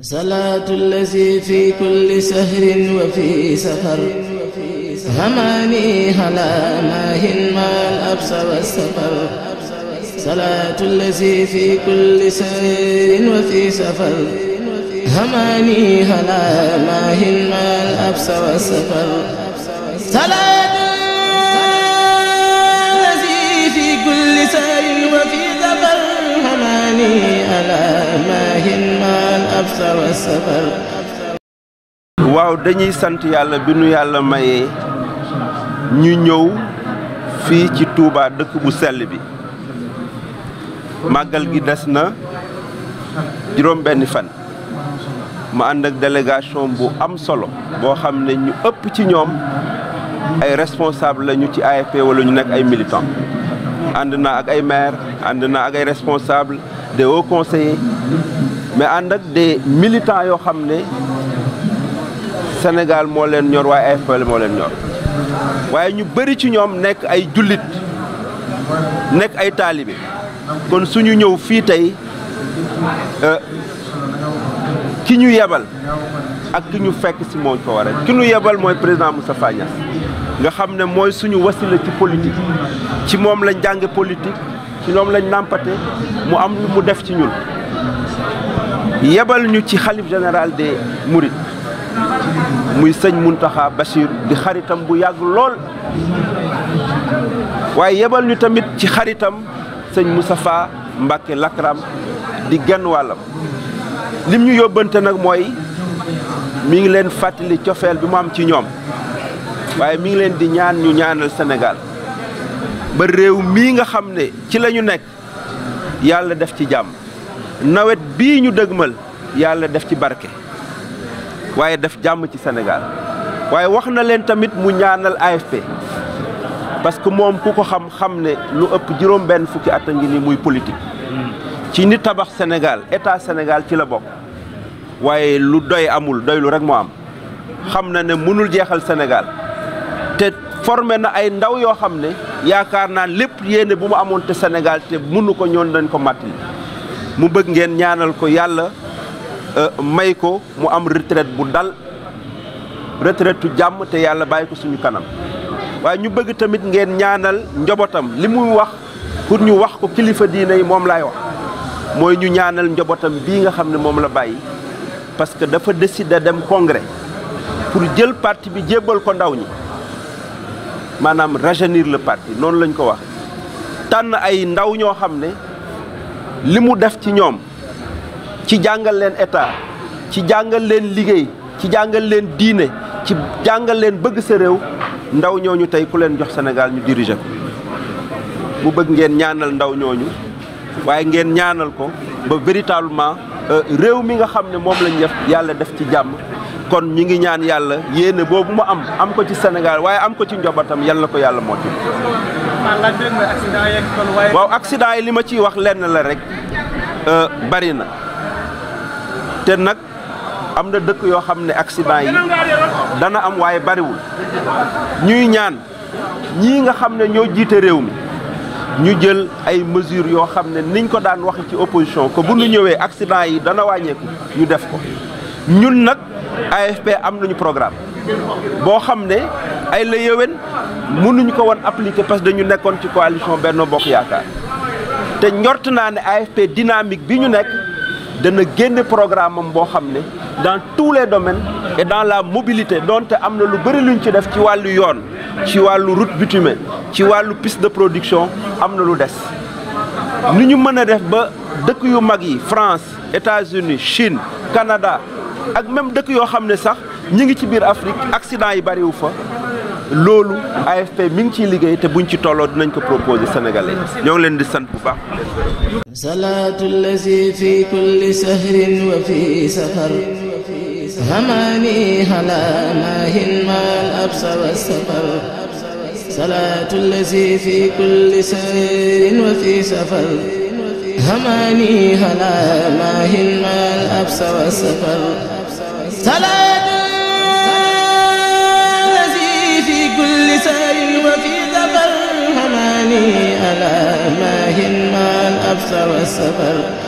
salaatu lazi fi kulli sahrin wa fi safar hamaani ala maahin maal absa wa safar salaatu lazi fi kulli sahrin wa fi safar hamaani ala maahin maal absa wa safar salaatu lazi fi kulli sahrin wa fi safar hamaani ala waaw dañuy sant yàlla bi nu yàlla mayee ñu ñëw fii ci tuubaa dëkk bu sell bi màggal gi des na juróom benn fan ma ànd ak délégation bu am solo boo xam ne ñu ëpp ci ñoom ay responsable lañu ci AFP wala ñu nekk ay militant ànd naa ak ay maire ànd naa ak ay responsable des hauts conseillers mais ànd de des yoo xam ne senegal moo leen ñor waaye AFP moo leen ñor waaye ñu bëri ci ñoom nekk ay jullit nekk ay taalibe kon suñu ñëw fii tey euh, ki ñu yebal ak ki ñu fekk si moo ko ki ñu yebal mooy président Moustapha Niasse nga xam ne mooy suñu wasila ci politique ci moom lañ jànge politique ci moom lañ nàmpate mu am mu def ci ñun yebal ñu ci xalif général de Mourides muy sëñ Muntaxa Bachir di xaritam bu yàgg lool waaye yebal ñu tamit ci xaritam sëñ musafa Mbacke Lakram di genn wàllam lim ñu yóbbante nag mooy mi ngi leen fàttali cofeel bi mu am ci ñoom waaye mi ngi leen di ñaan ñu ñaanal Sénégal ba réew mii nga xam ne ci la ñu nekk yàlla def ci jàmm nawet bii ñu dëgmal yàlla def ci barke waaye def jàmm ci Sénégal waaye wax na leen tamit mu ñaanal AFP parce que moom ku ko xam xam ne lu ëpp juróom benn fukki at a ngi ni muy politique ci ni tabax Sénégal état Sénégal ci la bokk waaye lu doy amul doylu lu rek moo am xam na ne mënul jeexal Sénégal te formé na ay ndaw yoo xam ne yaakaar naa lépp yéene bu mu amoon te Sénégal te mënu ko ñoon dañ ko màttali mu bëgg ngeen ñaanal ko yàlla euh, may ko mu am retraite bu dal retraite tu jàmm te yàlla bàyyi ko suñu kanam waaye ñu bëgg tamit ngeen ñaanal njobotam li muy wax pour ñu wax ko kilifa diina yi moom laay wax mooy ñu ñaanal njobotam bii nga xam ne moom la bàyyi parce que dafa décider dem congrès pour jël parti bi jébbal ko ndaw ñi maanaam rajeunir le parti noonu lañ ko wax tànn ay ndaw ñoo xam ne li mu def ci ñoom ci jàngal leen état ci jàngal leen liggéey ci jàngal leen diine ci jàngal leen bëgg sa réew ndaw ñooñu tey ku leen jox Sénégal ñu diriger ko mu bëgg ngeen ñaanal ndaw ñooñu waaye ngeen ñaanal ko ba véritablement euh, réew mi nga xam ne moom lañ def yàlla def ci jàmm kon ñu ngi ñaan yàlla yéene boobu mu am am ko ci Sénégal waaye am ko ci njobatam yàlla na ko yàlla moo waaw accident yi li ma ciy wax lenn la rek euh, bari na te nag am na dëkk yoo xam ne accident yi dana am waaye bariwul ñuy ñaan ñii nga xam ne ñoo jiite réew mi ñu jël ay mesure yoo xam ne niñ ko daan waxe ci opposition ko bu nu ñëwee accident yi dana wàññeeku ñu def ko ñun nag AFP am nañu programme boo xam ne ay la yéwén mënuñu ko wan appliquer parce que dañu nekkoon ci coalition Benno Bokk Yaakaar te njort naa ne AFP dynamique bi ñu nekk dana génne programme am boo xam ne dans tous les domaines et dans la mobilité donte am na lu bëri luñ ci def ci wàllu yoon ci wàllu route bitumée ci wàllu piste de production am na lu des nu ñu mën a def ba dëkk yu mag yi France États-Unis Chine Canada ak même dëkk yoo xam ne sax ñi ngi ci biir Afrique accident yi bariwu fa loolu AFP mi ngi ciy liggéey te buñ ci tolloo dinañ ko proposé Sénégalais ñoo ngi leen di sant bu baax. salaatu lazi fi kulli sahrin wa fi safar الحبس والسفر